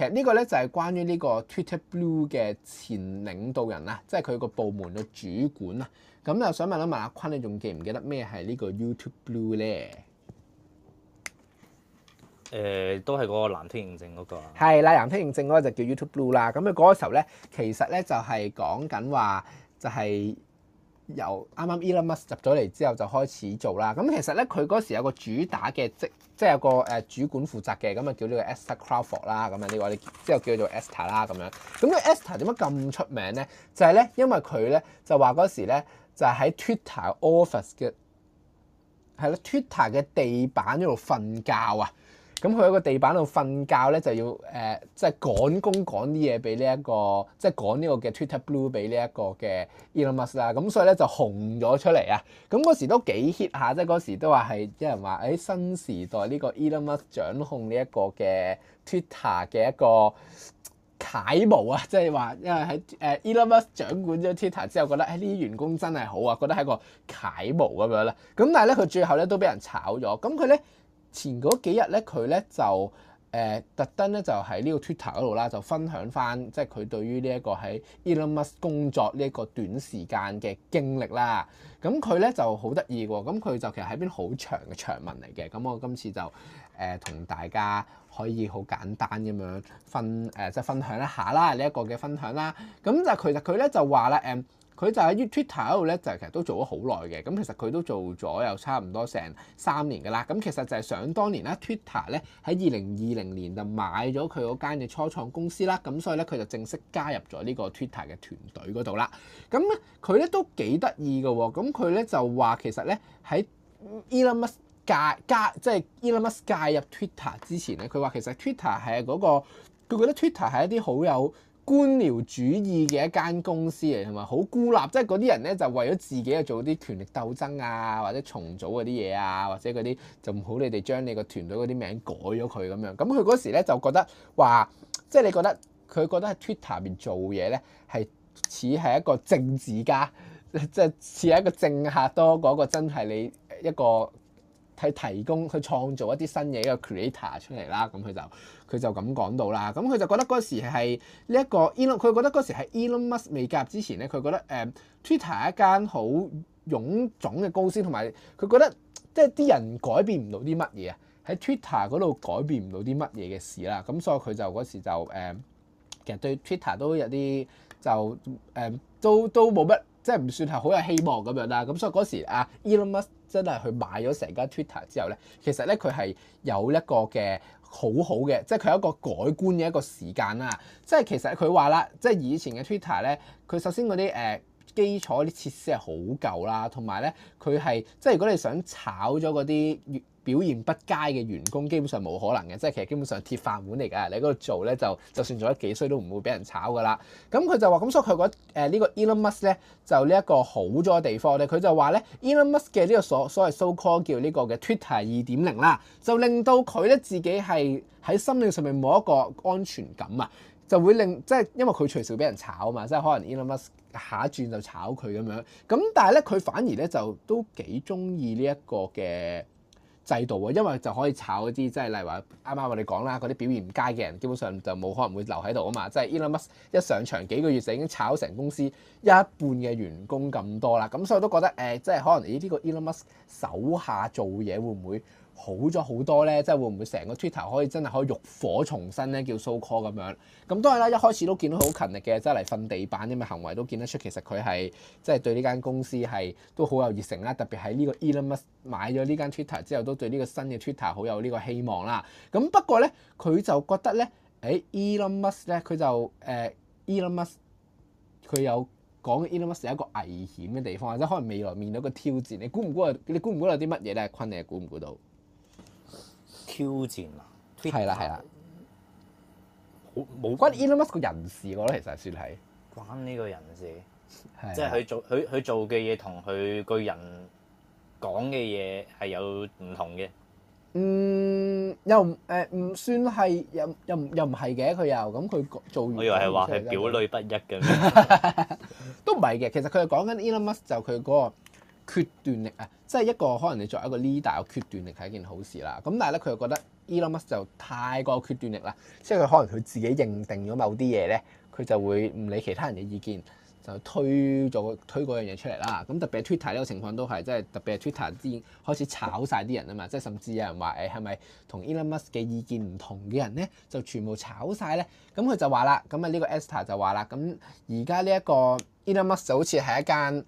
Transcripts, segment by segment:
其實呢個咧就係關於呢個 Twitter Blue 嘅前領導人啦，即係佢個部門嘅主管啦。咁、嗯、又想問一問阿、啊、坤，你仲記唔記得咩係呢個 YouTube Blue 呢？誒、呃，都係嗰個藍天認證嗰、嗰個。係啦，藍天認證嗰個就叫 YouTube Blue 啦。咁佢嗰個時候呢，其實呢，就係講緊話，就係、係。由啱啱 Elon Musk 入咗嚟之後就開始做啦，咁其實咧佢嗰時有個主打嘅即即有個誒主管負責嘅，咁啊叫呢個 Esther Crawford 啦，咁樣呢個你之後叫做 Esther 啦，咁樣。咁個 Esther 點解咁出名咧？就係咧因為佢咧就話嗰時咧就係喺 Twitter office 嘅係啦，Twitter 嘅地板度瞓覺啊！咁佢喺個地板度瞓覺咧，就要誒、呃，即係趕工趕啲嘢俾呢一個，即係趕呢個嘅 Twitter Blue 俾呢一個嘅 Elon Musk 啦。咁所以咧就紅咗出嚟啊！咁、嗯、嗰時都幾 hit 下，即係嗰時都話係啲人話誒、欸、新時代呢個 Elon Musk 掌控呢一個嘅 Twitter 嘅一個楷模啊！即係話因為喺誒 Elon Musk 掌管咗 Twitter 之後，覺得誒呢啲員工真係好啊，覺得係一個楷模咁樣啦。咁但係咧佢最後咧都俾人炒咗，咁佢咧。前嗰幾日咧，佢、呃、咧就誒特登咧就喺呢個 Twitter 嗰度啦，就分享翻即係佢對於呢一個喺 Elon Musk 工作呢一個短時間嘅經歷啦。咁佢咧就好得意喎。咁佢就其實喺邊好長嘅長文嚟嘅。咁我今次就誒、呃、同大家可以好簡單咁樣分誒即係分享一下啦。呢、這、一個嘅分享啦，咁就其實佢咧就話啦誒。嗯佢就喺 Twitter 嗰度咧，就其實都做咗好耐嘅。咁其實佢都做咗又差唔多成三年噶啦。咁其實就係想當年啦，Twitter 咧喺二零二零年就買咗佢嗰間嘅初創公司啦。咁所以咧佢就正式加入咗呢個 Twitter 嘅團隊嗰度啦。咁佢咧都幾得意嘅喎。咁佢咧就話其實咧喺 Elon Musk 介加即係 Elon Musk 介入 Twitter 之前咧，佢話其實 Twitter 係嗰、那個佢覺得 Twitter 係一啲好有官僚主義嘅一間公司嚟，同埋好孤立，即係嗰啲人咧就為咗自己去做啲權力鬥爭啊，或者重組嗰啲嘢啊，或者嗰啲就唔好你哋將你個團隊嗰啲名改咗佢咁樣。咁佢嗰時咧就覺得話，即係你覺得佢覺得喺 Twitter 入邊做嘢咧，係似係一個政治家，即係似係一個政客多過一個真係你一個。係提供佢創造一啲新嘢一個 creator 出嚟啦，咁佢就佢就咁講到啦。咁佢就覺得嗰時係呢一個 Elon，佢覺得嗰時係 Elon Musk 未加入之前咧，佢覺得誒、嗯、Twitter 一間好臃腫嘅公司，同埋佢覺得即係啲人改變唔到啲乜嘢啊，喺 Twitter 嗰度改變唔到啲乜嘢嘅事啦。咁所以佢就嗰時就誒、嗯，其實對 Twitter 都有啲就誒、嗯、都都冇乜。即係唔算係好有希望咁樣啦，咁所以嗰時阿 Elon Musk 真係佢買咗成間 Twitter 之後咧，其實咧佢係有一個嘅好好嘅，即係佢有一個改觀嘅一個時間啦。即係其實佢話啦，即係以前嘅 Twitter 咧，佢首先嗰啲誒基礎啲設施係好舊啦，同埋咧佢係即係如果你想炒咗嗰啲表現不佳嘅員工基本上冇可能嘅，即係其實基本上鐵飯碗嚟㗎。你喺嗰度做咧，就就算做得幾衰都唔會俾人炒㗎啦。咁佢就話咁，所以佢覺誒呢個 Elon Musk 咧，就呢一個好咗嘅地方咧。佢就話咧，Elon Musk 嘅呢個所所謂 so called 叫呢個嘅 Twitter 二點零啦，就令到佢咧自己係喺心理上面冇一個安全感啊，就會令即係因為佢隨時會俾人炒啊嘛，即係可能 Elon Musk 下一轉就炒佢咁樣咁。但係咧，佢反而咧就都幾中意呢一個嘅。制度啊，因為就可以炒嗰啲即係例如話啱啱我哋講啦，嗰啲表現唔佳嘅人基本上就冇可能會留喺度啊嘛。即係 Elon Musk 一上場幾個月就已經炒成公司一半嘅員工咁多啦，咁所以我都覺得誒、呃、即係可能咦？呢個 Elon Musk 手下做嘢會唔會好咗好多咧，即係會唔會成個 Twitter 可以真係可以浴火重生咧？叫 SoCall 咁樣，咁當然啦，一開始都見到佢好勤力嘅，即係嚟瞓地板啲咁嘅行為都見得出，其實佢係即係對呢間公司係都好有熱誠啦。特別喺呢個 Elon Musk 買咗呢間 Twitter 之後，都對呢個新嘅 Twitter 好有呢個希望啦。咁不過咧，佢就覺得咧，誒、欸、Elon Musk 咧，佢就誒、欸、Elon Musk 佢有講 Elon Musk 係一個危險嘅地方，或者可能未來面到一個挑戰。你估唔估，你估唔估到啲乜嘢咧？坤，你估唔估到？挑戰啊！係啦，係啦，好無關 Elon Musk 個、e、人事我咯，其實算係。關呢個人事，的即係佢做佢佢做嘅嘢同佢個人講嘅嘢係有唔同嘅。嗯，又誒唔、呃、算係又又又唔係嘅，佢又咁佢做完。我以為係話係表裏不一嘅。 都唔係嘅，其實佢係講緊 Elon Musk 就佢嗰、那個。決斷力啊，即係一個可能你作為一個 leader 嘅決斷力係一件好事啦。咁但係咧，佢又覺得 Elon Musk 就太過決斷力啦，即係佢可能佢自己認定咗某啲嘢咧，佢就會唔理其他人嘅意見，就推咗推嗰樣嘢出嚟啦。咁特別係 Twitter 呢個情況都係，即係特別係 Twitter 之前開始炒晒啲人啊嘛，即係甚至有人話誒係咪同 Elon Musk 嘅意見唔同嘅人咧，就全部炒晒咧。咁佢就話啦，咁啊呢個 Esther 就話啦，咁而家呢一個 Elon Musk 就好似係一間，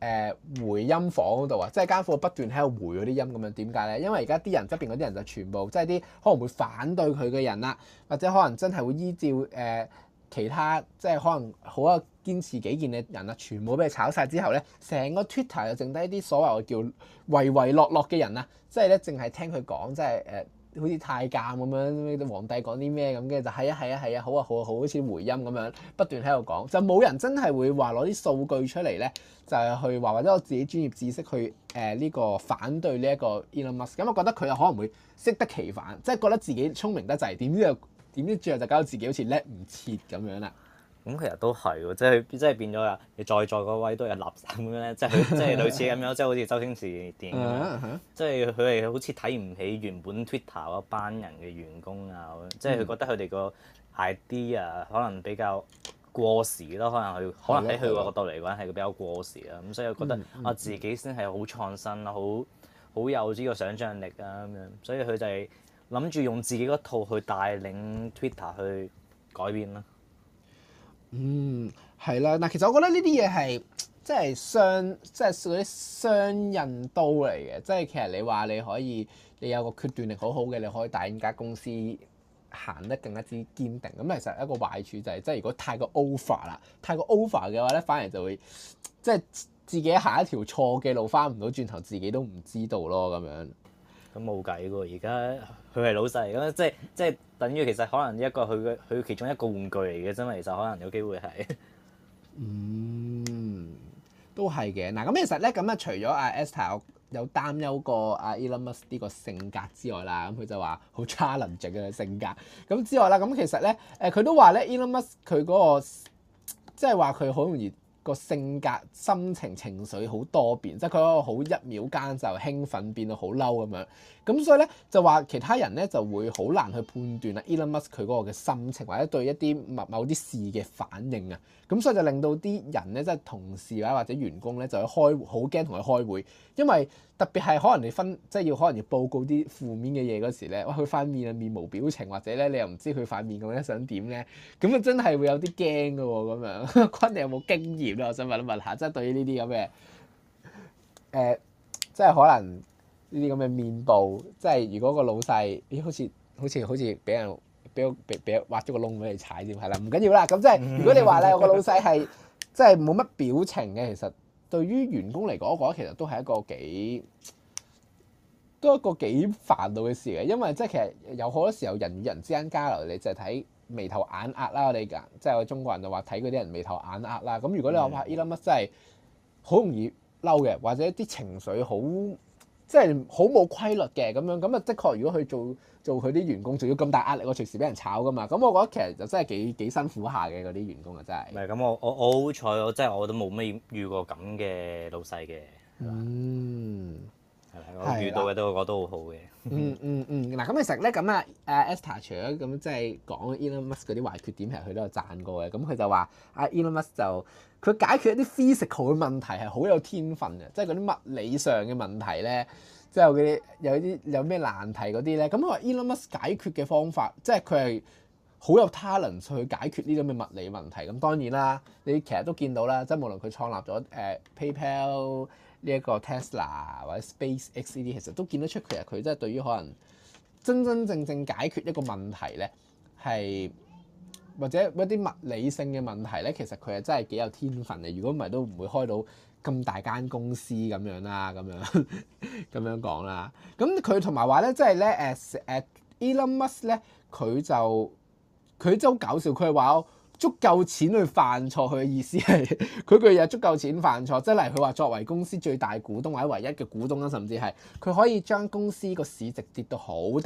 誒回音房嗰度啊，即係間鋪不斷喺度回嗰啲音咁樣，點解咧？因為而家啲人側邊嗰啲人就全部即係啲可能會反對佢嘅人啦，或者可能真係會依照誒、呃、其他即係可能好有堅持己見嘅人啊，全部俾佢炒晒之後咧，成個 Twitter 就剩低一啲所謂叫唯唯諾諾嘅人啊。即係咧淨係聽佢講，即係誒。呃好似太監咁樣，皇帝講啲咩咁嘅，就係、是、啊係啊係啊，好啊好啊好，好似回音咁樣不斷喺度講，就冇人真係會話攞啲數據出嚟咧，就係去話或者我自己專業知識去誒呢、呃呢個反對呢一個 Elon Musk。咁我覺得佢又可能會適得其反，即係覺得自己聰明得滯，點知又點知最後就搞到自己好似叻唔切咁樣啦。咁其實都係喎，即係即係變咗啦，你在座個位都係垃圾咁樣咧，即係即係類似咁樣， 即係好似周星馳電影咁樣， 即係佢哋好似睇唔起原本 Twitter 班人嘅員工啊，即係佢覺得佢哋個 idea 可能比較過時咯，可能佢 可能喺佢個角度嚟講係比較過時啦，咁所以我覺得我自己先係好創新，好好有呢個想像力啊咁樣，所以佢就係諗住用自己嗰套去帶領 Twitter 去改變啦。嗯，係啦，嗱，其實我覺得呢啲嘢係即係雙，即係啲雙刃刀嚟嘅，即係其實你話你可以，你有個決斷力好好嘅，你可以帶呢間公司行得更加之堅定。咁其實一個壞處就係、是，即係如果太過 over 啦，太過 over 嘅話咧，反而就會即係自己行一條錯嘅路，翻唔到轉頭，自己都唔知道咯，咁樣。咁冇計喎，而家佢係老細咁，即係即係等於其實可能一個佢嘅佢其中一個玩具嚟嘅，真係其實可能有機會係，嗯，都係嘅。嗱，咁其實咧，咁啊，除咗阿 Esther 有擔憂過阿 Elon Musk 呢個性格之外啦，咁佢就話好 challenge 嘅性格。咁之外啦，咁其實咧，誒、e 那個，佢都話咧，Elon Musk 佢嗰個即係話佢好容易。個性格、心情、情緒好多變，即係佢嗰好一秒間就興奮變到好嬲咁樣，咁所以咧就話其他人咧就會好難去判斷啊，Elon Musk，佢嗰個嘅心情或者對一啲某某啲事嘅反應啊，咁所以就令到啲人咧即係同事或者或者員工咧就去開好驚同佢開會，因為。特別係可能你分即係要可能要報告啲負面嘅嘢嗰時咧，哇佢塊面啊面無表情，或者咧你又唔知佢塊面咁樣想點咧，咁啊真係會有啲驚噶喎咁樣。坤你有冇經驗咧？我想問，問，問一問下，即係對於呢啲咁嘅誒，即係可能呢啲咁嘅面部，即係如果個老細咦好似好似好似俾人俾俾俾挖咗個窿俾你踩添，係啦唔緊要啦。咁即係如果你話咧我個老細係即係冇乜表情嘅其實。對於員工嚟講，我覺得其實都係一個幾都係一個幾煩惱嘅事嘅，因為即係其實有好多時候人與人之間交流，你就係睇眉頭眼壓啦。我哋講即係我哋中國人就話睇嗰啲人眉頭眼壓啦。咁如果你話怕依粒乜真係好容易嬲嘅，或者啲情緒好。即係好冇規律嘅咁樣，咁啊的確，如果佢做做佢啲員工，仲要咁大壓力，我隨時俾人炒噶嘛。咁我覺得其實就真係幾幾辛苦下嘅嗰啲員工啊，真係。唔係咁，我我我好彩，我真係我都冇咩遇過咁嘅老細嘅。嗯。我遇到嘅都覺得都好好嘅。 嗯嗯、啊、嗯，嗱咁其實咧咁啊，阿 Esther 除咗咁即係講 Elon Musk 嗰啲壞缺點，其實佢都有讚過嘅。咁、嗯、佢就話阿 Elon Musk 就佢解決一啲 physical 嘅問題係好有天分嘅，即係嗰啲物理上嘅問題咧，即係有啲有啲有咩難題嗰啲咧。咁佢話 Elon Musk 解決嘅方法，即係佢係好有 talent 去解決呢種嘅物理問題。咁、嗯、當然啦，你其實都見到啦，即係無論佢創立咗誒、呃、PayPal。呢一個 Tesla 或者 SpaceX 呢，其實都見得出，其實佢真係對於可能真真正正解決一個問題咧，係或者一啲物理性嘅問題咧，其實佢係真係幾有天分嘅。如果唔係，都唔會開到咁大間公司咁樣啦，咁樣咁樣講啦。咁佢同埋話咧，即係咧誒誒 Elon Musk 咧，佢就佢真係好搞笑，佢話，足夠錢去犯錯，佢嘅意思係佢句嘢足夠錢犯錯，即係例如佢話作為公司最大股東或者唯一嘅股東啦，甚至係佢可以將公司個市值跌到好低，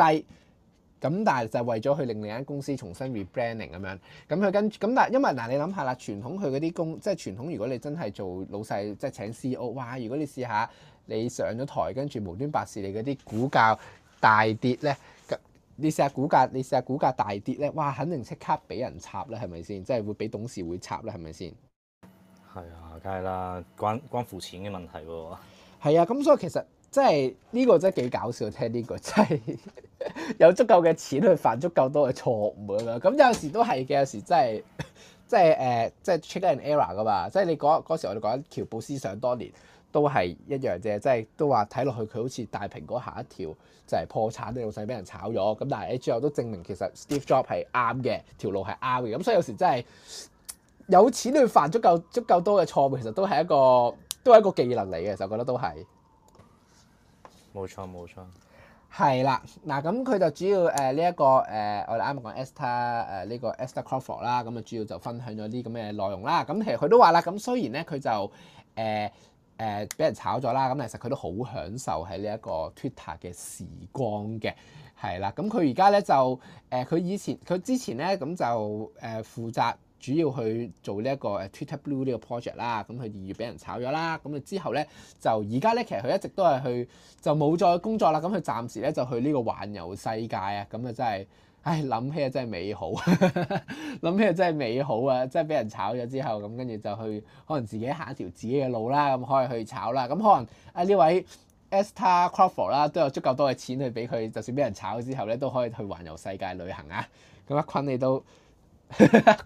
咁但係就係為咗去令呢間公司重新 rebranding 咁樣，咁佢跟咁但係因為嗱、呃、你諗下啦，傳統佢嗰啲公即係傳統，如果你真係做老細即係請 CEO，哇！如果你試下你上咗台跟住無端白事，你嗰啲股價大跌咧。你試下股價，你試下股價大跌咧，哇！肯定即刻俾人插咧，係咪先？即、就、係、是、會俾董事會插咧，係咪先？係啊，梗係啦，關關乎錢嘅問題喎。係啊，咁、啊、所以其實即係呢個真係幾搞笑，聽、這、呢個真係 有足夠嘅錢去犯足夠多嘅錯誤啊！咁、嗯、有時都係嘅，有時真係即係誒，即係 check and error 噶嘛。即係你講嗰時，我哋講緊喬布斯想當年。都係一樣啫，即係都話睇落去佢好似大蘋果下一條就係破產，又想俾人炒咗。咁但係誒，最後都證明其實 Steve Jobs 係啱嘅，條路係啱嘅。咁所以有時真係有錢去犯足夠足夠多嘅錯誤，其實都係一個都係一個技能嚟嘅。我覺得都係冇錯，冇錯。係啦，嗱咁佢就主要誒呢一個誒、呃，我哋啱啱講 Esther 呢個 Esther Crawford 啦，咁啊主要就分享咗啲咁嘅內容啦。咁其實佢都話啦，咁雖然咧佢就誒。呃誒俾人炒咗啦，咁其實佢都好享受喺呢一個 Twitter 嘅時光嘅，係啦。咁佢而家咧就誒，佢以前佢之前咧咁就誒負責主要去做呢一個誒 Twitter Blue 呢個 project 啦。咁佢二月俾人炒咗啦，咁佢之後咧就而家咧其實佢一直都係去就冇再工作啦。咁佢暫時咧就去呢個環遊世界啊，咁啊真係～唉，諗起啊真係美好， 諗起啊真係美好啊！即係俾人炒咗之後，咁跟住就去可能自己行一條自己嘅路啦，咁可以去炒啦。咁可能啊呢位 Esther Crawford 啦，都有足夠多嘅錢去俾佢，就算俾人炒之後咧，都可以去環遊世界旅行啊！咁啊，坤你都，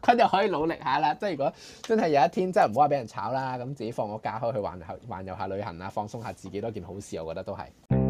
坤 就可以努力下啦。即係如果真係有一天真係唔好話俾人炒啦，咁自己放個假可以去環遊環遊下旅行啊，放鬆下自己都係件好事，我覺得都係。